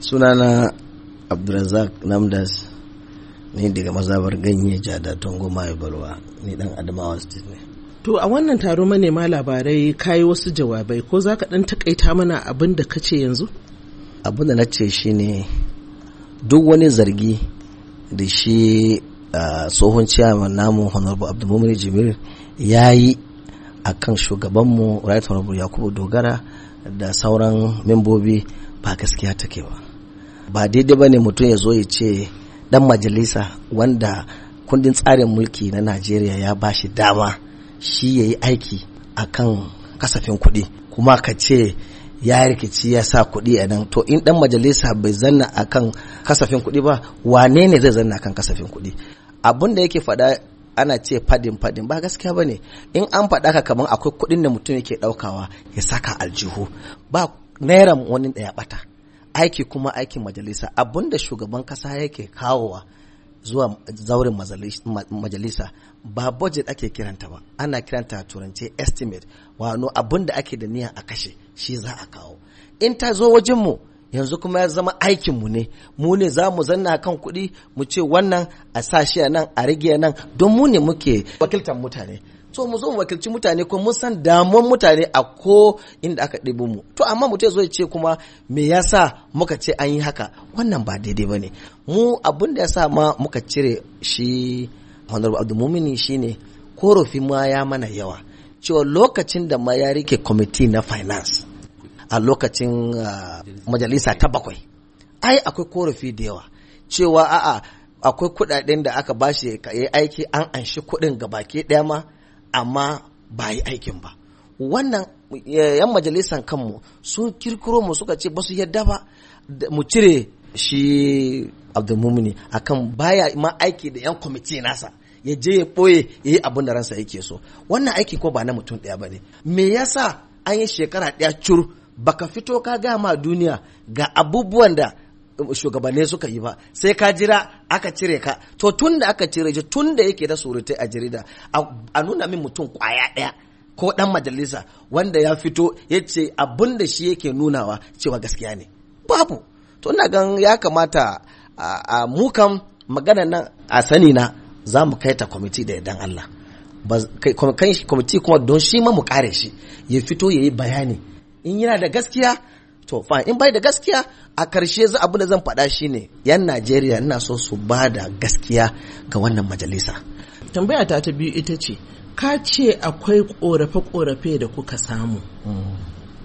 sunana abdulrazak namdas ne daga mazabar ganye jada tongo mai barwa ni dan adamawa state ne to a wannan taro manema labarai kayi wasu jawabai ko za ka dan takaita mana abin da ka ce yanzu abin da na ce shine duk wani zargi da shi tsohon ciyaman namu honorable abdulmumin jimir ya yi a kan shugabanmu right honorable yakubu dogara da sauran membobi ba gaskiya take ba ba daidai ba ne mutum ya zo ya ce dan majalisa wanda kundin tsarin mulki na najeriya ya ba shi dama shi ya yi aiki a kan kasafin kuɗi kuma ka ce ya rikici ya sa kuɗi a nan to in dan majalisa bai zanna a kan kasafin kuɗi ba wane ne zai zanna a kan kasafin kuɗi abin da yake faɗa ana ce fadin fadin ba gaskiya ba ne in an faɗa ka kamar akwai kuɗin da mutum yake ɗaukawa ya saka aljihu ba naira wani ɗaya ɓata aiki kuma aikin majalisa abinda da shugaban kasa yake kawowa zuwa zauren majalisa ba budget ake kiranta ba ana kiranta a turance estimate wano abinda da ake da niyan a kashe shi za a kawo in ta zo wajenmu yanzu kuma ya zama aikinmu ne mu ne za mu zanna kan kuɗi mu ce wannan a sa shi nan a rage nan don mu ne muke wakiltar mutane to mu zo wakilci mutane ko mun san damuwar mutane a ko inda aka ɗebo mu to amma mutum zo ce kuma me yasa muka ce an yi haka wannan ba daidai ba ne mu abin da sa ma muka cire shi honorable shi shine korofi ma ya mana yawa cewa lokacin da ma ya rike kwamiti na finance a lokacin ah, majalisa ta bakwai ai akwai korafi da yawa cewa a'a akwai kudaden da aka bashi ka yi aiki an anshi kudin baki ɗaya ma amma ba yi aikin ba wannan yan majalisan kanmu sun kirkiro mu suka ce ba su yadda ba mu cire shi abdulmumini akan baya ma aiki da yan kwamiti nasa ya je ya ɓoye ya yi abin da ransa yake so wannan aiki ko ba na mutum ɗaya ba ne me yasa an yi shekara ɗaya cur baka fito ka gaya ma duniya ga abubuwan da um, shugabanni suka yi ba sai ka jira aka cire ka to tun da aka cire shi tun da yake da surutai a jarida a nuna min mutum kwaya ɗaya ko dan majalisa wanda ya fito ya ce abin da shi yake nunawa cewa gaskiya ne babu to ina gan ya kamata a mukan magana nan a sani na za mu kai ta kwamiti da idan Allah kwamiti kuma don shi ma mu kare shi ya fito ya yi bayani in yana da gaskiya to fa in bai da gaskiya a karshe za abin da zan faɗa ne. yan Najeriya ina so su ba da gaskiya ga wannan majalisa tambaya ta ta biyu ita ce ka ce akwai korafe-korafe da kuka samu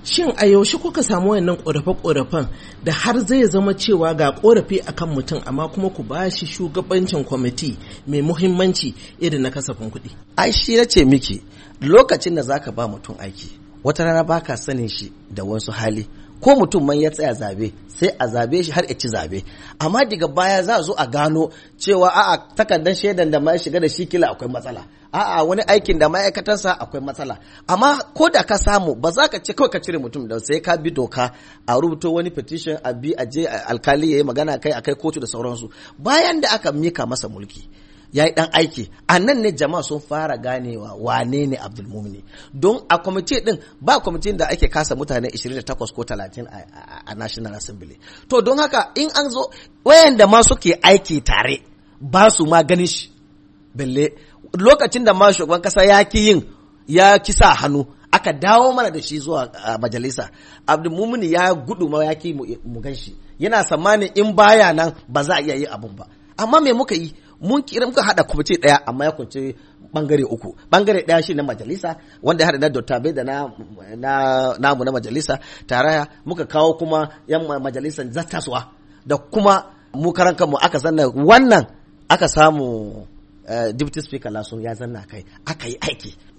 shin a yaushe kuka samu wannan korafe-korafen da har zai zama cewa ga korafe akan mutum amma kuma ku ba shi shugabancin kwamiti mai muhimmanci irin na kasafin kuɗi ai shi ce miki lokacin da zaka ba mutum aiki wata rana ba ka sanin shi da wasu hali ko mutum man ya tsaya zabe sai a zabe shi har ya ci zabe amma daga baya za zo a gano cewa a'a takardar shaidan da ma ya shiga da shi kila akwai matsala a'a wani aikin da ma'aikatansa akwai matsala amma ko da ka samu ba za ka ce kawai ka cire mutum da sai ka bi doka a rubuto wani petition a bi a je alkali ya yi magana kai a kai kotu da sauransu bayan da aka mika masa mulki ya yi ɗan aiki a nan ne jama'a sun fara ganewa wane ne abdulmumini don a kwamiti ɗin ba kwamiti da ake kasa mutane 28 ko 30 a national assembly to don haka in an zo wayanda ma suke aiki tare ba su ma ganin shi belle lokacin da ma shugaban kasa ya ki yin ya kisa hannu aka dawo mana da shi zuwa majalisa abdulmumini ya gudu ma ya ki mu gan shi yana tsammanin in baya nan ba za a iya yi abun ba amma me muka yi mun kira muka haɗa kwamiti daya amma ya bangare uku bangare ɗaya shi na majalisa wanda ya hada na dottabe da namu na majalisa taraya muka kawo kuma yan majalisan zattaswa da kuma mu karan kanmu aka zanna wannan aka samu eh, deputy speaker laso ya zanna kai aka yi aiki